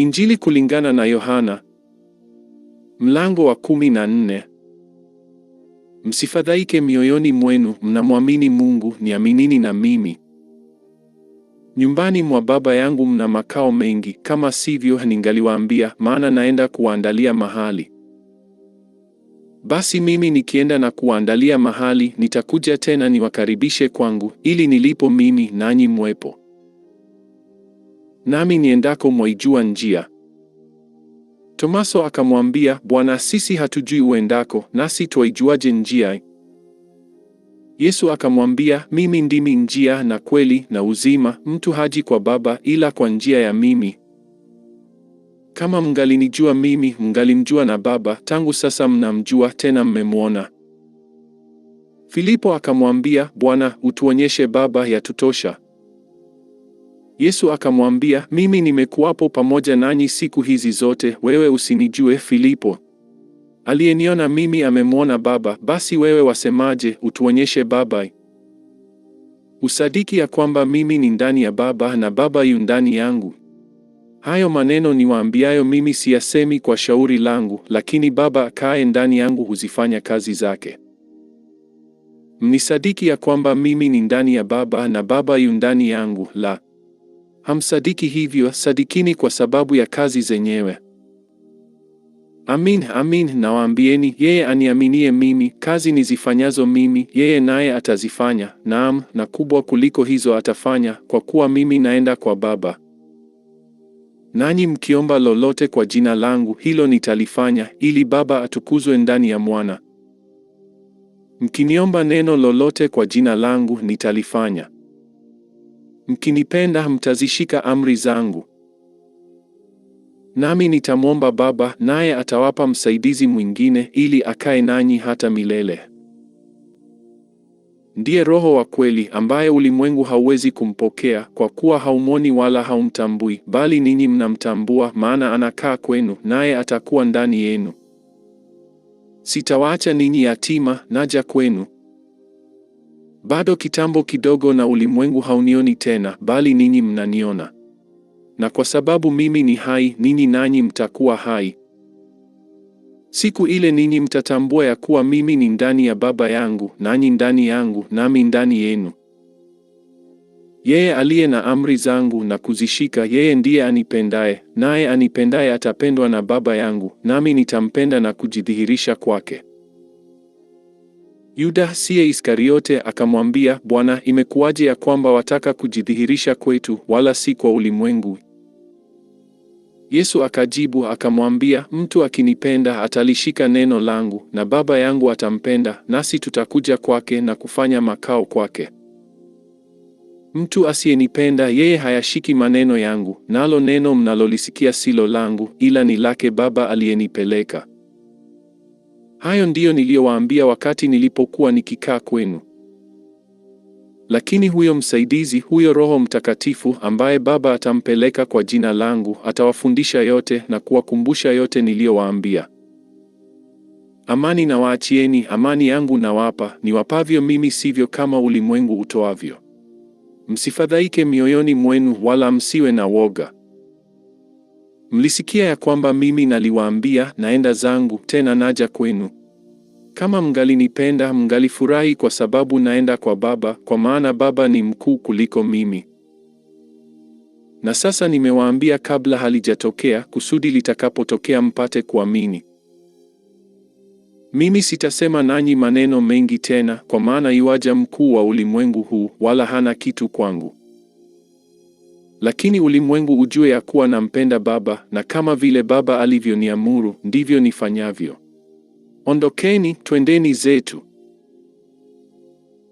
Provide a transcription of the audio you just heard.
Injili kulingana na Yohana mlango wa kumi na nne. Msifadhaike mioyoni mwenu, mnamwamini Mungu, niaminini na mimi. Nyumbani mwa Baba yangu mna makao mengi; kama sivyo, ningaliwaambia, maana naenda kuwaandalia mahali. Basi mimi nikienda na kuwaandalia mahali, nitakuja tena niwakaribishe kwangu, ili nilipo mimi nanyi mwepo nami niendako mwaijua njia. Tomaso akamwambia, Bwana, sisi hatujui uendako, nasi twaijuaje njia? Yesu akamwambia, mimi ndimi njia na kweli na uzima, mtu haji kwa Baba ila kwa njia ya mimi. Kama mngalinijua mimi, mngalimjua na Baba; tangu sasa mnamjua, tena mmemwona. Filipo akamwambia, Bwana, utuonyeshe Baba, yatutosha. Yesu akamwambia, mimi nimekuwapo pamoja nanyi siku hizi zote, wewe usinijue Filipo? Aliyeniona mimi amemwona Baba. Basi wewe wasemaje, utuonyeshe Baba? Usadiki ya kwamba mimi ni ndani ya Baba na Baba yu ndani yangu? Hayo maneno niwaambiayo mimi siyasemi kwa shauri langu, lakini Baba akaye ndani yangu huzifanya kazi zake. Mnisadiki ya kwamba mimi ni ndani ya Baba na Baba yu ndani yangu. La Hamsadiki hivyo, sadikini kwa sababu ya kazi zenyewe. Amin, amin nawaambieni, yeye aniaminie mimi, kazi nizifanyazo mimi, yeye naye atazifanya, naam, na kubwa kuliko hizo atafanya, kwa kuwa mimi naenda kwa Baba. Nanyi mkiomba lolote kwa jina langu, hilo nitalifanya, ili Baba atukuzwe ndani ya Mwana. Mkiniomba neno lolote kwa jina langu, nitalifanya. Mkinipenda mtazishika amri zangu. Nami nitamwomba Baba, naye atawapa msaidizi mwingine, ili akae nanyi hata milele. Ndiye Roho wa kweli, ambaye ulimwengu hauwezi kumpokea, kwa kuwa haumwoni wala haumtambui; bali ninyi mnamtambua, maana anakaa kwenu, naye atakuwa ndani yenu. Sitawaacha ninyi yatima, naja kwenu. Bado kitambo kidogo na ulimwengu haunioni tena, bali ninyi mnaniona. Na kwa sababu mimi ni hai, ninyi nanyi mtakuwa hai. Siku ile ninyi mtatambua ya kuwa mimi ni ndani ya Baba yangu, nanyi ndani yangu, nami ndani yenu. Yeye aliye na amri zangu na kuzishika, yeye ndiye anipendaye, naye anipendaye atapendwa na Baba yangu, nami nitampenda na kujidhihirisha kwake. Yuda siye Iskariote akamwambia, Bwana, imekuwaje ya kwamba wataka kujidhihirisha kwetu, wala si kwa ulimwengu? Yesu akajibu akamwambia, mtu akinipenda atalishika neno langu, na Baba yangu atampenda, nasi tutakuja kwake na kufanya makao kwake. Mtu asiyenipenda yeye hayashiki maneno yangu, nalo neno mnalolisikia silo langu, ila ni lake Baba aliyenipeleka. Hayo ndiyo niliyowaambia wakati nilipokuwa nikikaa kwenu. Lakini huyo msaidizi, huyo Roho Mtakatifu ambaye Baba atampeleka kwa jina langu, atawafundisha yote na kuwakumbusha yote niliyowaambia. Amani na waachieni, amani yangu nawapa, niwapavyo mimi, sivyo kama ulimwengu utoavyo. Msifadhaike mioyoni mwenu, wala msiwe na woga. Mlisikia ya kwamba mimi naliwaambia, naenda zangu tena naja kwenu. Kama mngalinipenda, mngalifurahi kwa sababu naenda kwa Baba, kwa maana Baba ni mkuu kuliko mimi. Na sasa nimewaambia kabla halijatokea, kusudi litakapotokea mpate kuamini. Mimi sitasema nanyi maneno mengi tena, kwa maana iwaja mkuu wa ulimwengu huu, wala hana kitu kwangu. Lakini ulimwengu ujue ya kuwa nampenda Baba, na kama vile Baba alivyoniamuru ndivyo nifanyavyo. Ondokeni, twendeni zetu.